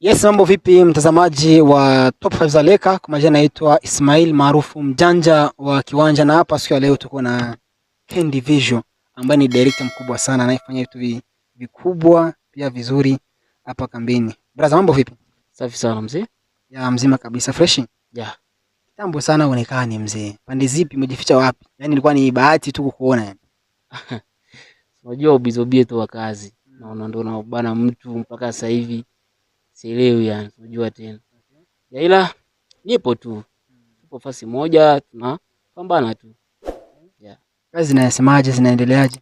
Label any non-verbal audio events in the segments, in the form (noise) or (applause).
Yes, mambo vipi mtazamaji wa Top 5 za Leka, kwa majina naitwa Ismail maarufu mjanja wa kiwanja, na hapa siku ya leo tuko na Candy Vision ambaye ni director mkubwa sana anayefanya vitu vikubwa pia vizuri hapa kambini. Brother, mambo vipi? Safi sana mzee. Ya mzima kabisa fresh. Ya. Kitambo sana unaonekana ni mzee. Pande zipi umejificha wapi? Yaani ilikuwa ni bahati tu kukuona yani. (laughs) Unajua ubizobie tu wa kazi. Hmm. Naona ndio na bana mtu mpaka sasa hivi sielewi yani, unajua tena ya, ila nipo tu, tupo fasi moja, tunapambana tu yeah. Kazi zinasemaje? Zinaendeleaje?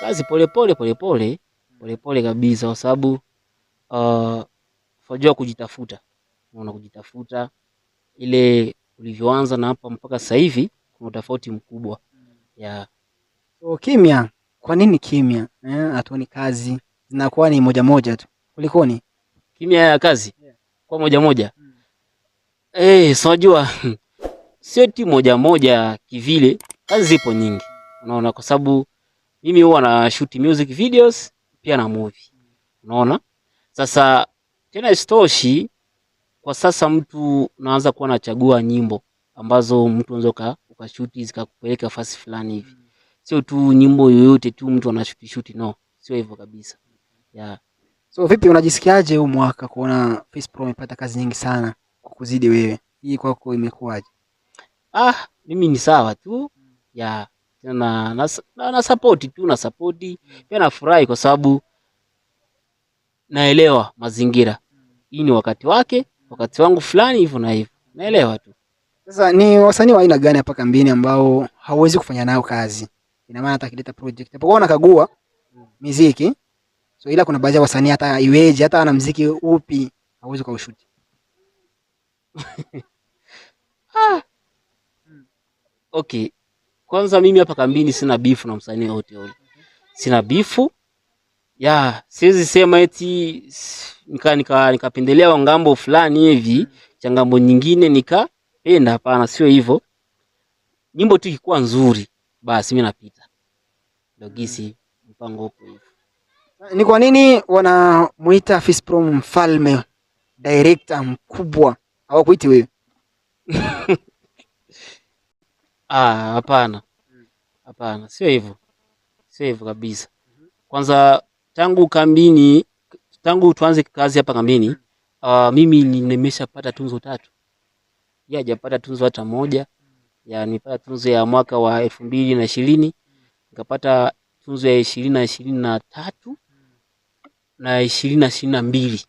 Kazi polepole polepole polepole kabisa, kwa sababu uh, kujitafuta, unaona kujitafuta ile ulivyoanza na hapa mpaka sasa hivi kuna tofauti mkubwa yeah. So, kimya, kwa nini kimya eh? Hatuoni kazi zinakuwa ni moja moja tu, kulikoni? kimya ya kazi kwa moja moja. Mm. Eh, unajua (laughs) sio ti moja moja kivile, kazi zipo nyingi, unaona, kwa sababu mimi huwa na shoot music videos pia na movie, unaona. Sasa tena istoshi kwa sasa mtu naanza kuwa nachagua nyimbo ambazo mtu anaweza ukashuti zikakupeleka fasi fulani hivi, mm. sio tu nyimbo yoyote tu mtu anashuti shuti, no, sio hivyo kabisa, yeah. So vipi, unajisikiaje huu mwaka kuona Face Pro amepata kazi nyingi sana kukuzidi wewe? Hii kwako imekuwaje? Ah, mimi ni sawa tu hmm. ya na na, na support tu na support hmm. pia, nafurahi kwa sababu naelewa mazingira. Hmm. Hii ni wakati wake, wakati wangu fulani hivyo na hivyo, naelewa tu. Sasa ni wasanii wa aina gani hapa kambini ambao hauwezi kufanya nao kazi? Ina maana hata project hapo, muziki mm. So ila kuna baadhi ya wasanii hata iweje, hata ana mziki upi hauwezi ushuti. (laughs) Ah. Okay. Kwanza mimi hapa kambini sina bifu na msanii wote yule. Sina bifu. Ya, siwezi sema eti nika nika nikapendelea ngambo fulani hivi, changambo nyingine nikapenda, hapana, sio hivyo. Nyimbo tu ikikuwa nzuri, basi mimi napita. Dogisi mpango upo hivyo. Ni kwa nini wanamuita Fisprom mfalme, director mkubwa? Hawakuiti wewe? (laughs) Ah, hapana, hapana, sio hivyo, sio hivyo kabisa. Kwanza tangu kambini, tangu tuanze kazi hapa kambini, uh, mimi nimeshapata tunzo tatu, yeye hajapata tunzo hata moja. Ya nipata tunzo ya mwaka wa elfu mbili na ishirini nikapata tunzo ya ishirini na ishirini na tatu na ishirini na ishirini na mbili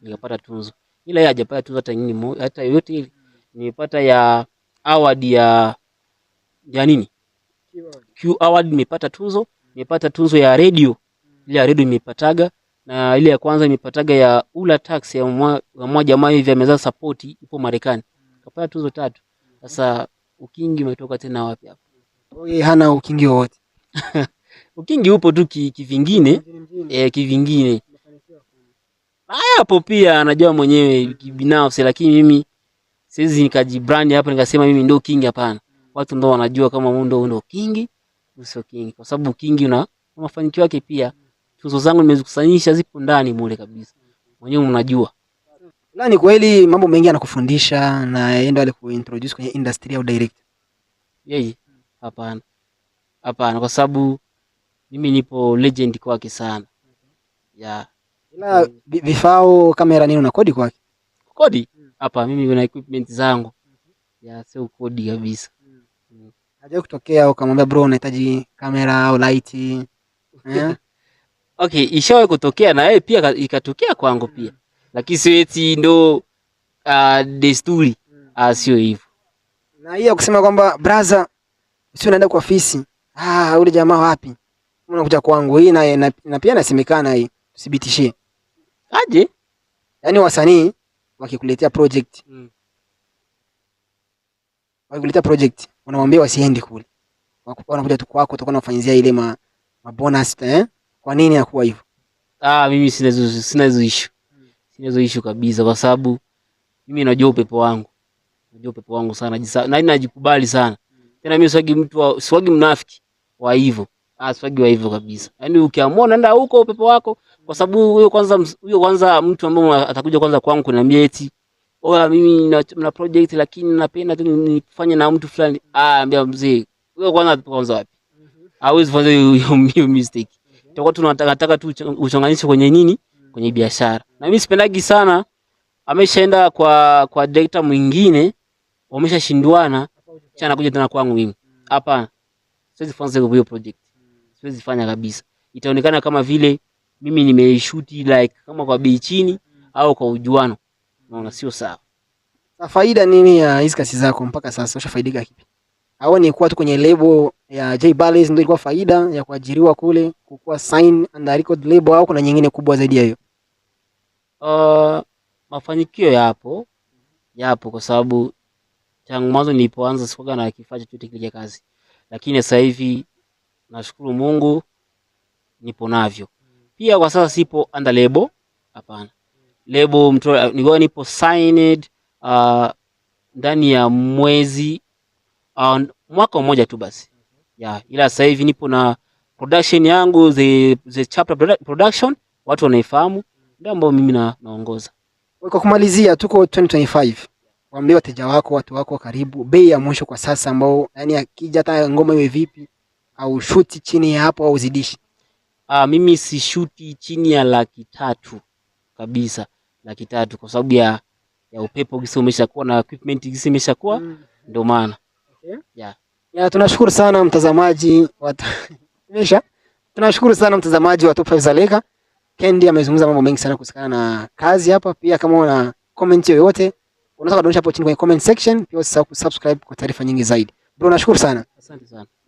nikapata tunzo, ila yeye hajapata tunzo hata nyingi hata yoyote ile. Nimepata ya award ya ya nini Q award, nimepata tunzo, nimepata tunzo ya radio ile ya radio nimepataga, na ile ya kwanza nimepataga ya ula tax ya mwa jamaa hivi ameza support, ipo Marekani, kapata tuzo tatu. Sasa ukingi umetoka tena wapi hapo? Hana ukingi wowote (laughs) ukingi upo tu kivingine ki eh, kivingine hapo pia anajua mwenyewe kibinafsi, lakini mimi siwezi nikajibrand hapa nikasema mimi ndo kingi. Hapana, hmm. watu ndo wanajua kama wewe ndo ndo kingi, usio kingi, kwa sababu kingi una mafanikio yake pia. Tuzo zangu nimezikusanyisha zipo ndani mule kabisa, mwenyewe unajua. Na ni kweli mambo mengi anakufundisha, na yeye ndo alikuintroduce kwenye industry au direct yeye? Hapana, hapana, kwa sababu mimi nipo legend kwake sana yeah. Ila vifao kamera nini unakodi kwake? Kodi hapa mimi na equipment zangu ya sio kodi kabisa. Hajawahi kutokea ukamwambia bro, unahitaji kamera au light yeah. (laughs) Okay, ishawahi kutokea na yeye pia ikatokea kwangu pia, lakini sio eti ndo uh, desturi uh, sio hivyo. Na hiyo kusema kwamba brother, sio naenda kwa ofisi, ah, ule jamaa wapi unakuja kwangu hii na, na, na pia nasemekana hii uthibitishie. Aje? yani wasanii wakikuletea project. Mm. Wakikuletea project, unamwambia wasiende kule. Wanakuja tu kwako utakuwa unafanyizia ile ma, ma bonus eh? Kwa nini inakuwa hivyo? Ah, mimi sina hizo sina hizo issue. Mm. Sina hizo issue kabisa kwa sababu mimi najua upepo wangu. Najua upepo wangu sana na najikubali sana. Mm. Tena mimi siwagi mtu siwagi mnafiki wa hivyo aswagi wa hivyo kabisa. Yaani ukiamua unaenda huko upepo wako kwa sababu huyo kwanza huyo kwanza mtu ambaye atakuja kwanza kwangu kuna mieti. oya, mimi na, na project lakini napenda tu nifanye na mtu fulani. Ah, ambia mzee. Huyo kwanza kwanza wapi? Mhm. Hawezi kwanza hiyo mistake. Mhm. Tutakuwa tunataka tu uchanganyishe kwenye nini? Kwenye biashara. Na mimi sipendagi sana ameshaenda kwa kwa director mwingine wameshashindwana, cha anakuja tena kwangu mimi. Hapana. Siwezi kuanza hiyo project siwezi fanya kabisa. Itaonekana kama vile mimi nimeishuti like kama kwa bei chini au kwa ujuano. Unaona sio sawa. Na faida nini ya hizi kasi zako mpaka sasa ushafaidika kipi? Au ni kuwa tu kwenye lebo ya J Balis ndio ilikuwa faida ya kuajiriwa kule kukuwa sign under record label au kuna nyingine kubwa zaidi ya hiyo? Uh, mafanikio yapo yapo kwa sababu tangu mwanzo nilipoanza sikuwa na kifaa chochote kile cha kazi, lakini sasa hivi nashukuru Mungu nipo navyo. Pia kwa sasa sipo under lebo, hapana lebo mtoa, nilikuwa nipo signed uh, ndani ya mwezi uh, mwaka mmoja tu basi yeah, ila sasa hivi nipo na production yangu the, the chapter production watu wanaifahamu, ndio ambao mimi na, naongoza. Kwa kumalizia, tuko 2025 waambie wateja wako, watu wako karibu, bei ya mwisho kwa sasa ambao yani akija hata ngoma iwe vipi au shuti chini ya hapo au zidishi? Ah, mimi si shuti chini ya laki tatu kabisa, laki tatu kwa sababu ya ya upepo gisi umeshakuwa na equipment gisi imeshakuwa mm. Ndio maana okay. yeah. Ya, tunashukuru sana mtazamaji wa (laughs) Mesha. Tunashukuru sana mtazamaji wa Top 5 Dzaleka. Kendi amezungumza mambo mengi sana kuhusiana na kazi hapa. Pia kama una comment yoyote unaweza kudondosha hapo chini kwenye comment section. Pia usisahau kusubscribe kwa taarifa nyingi zaidi. Bro, nashukuru sana. Asante sana.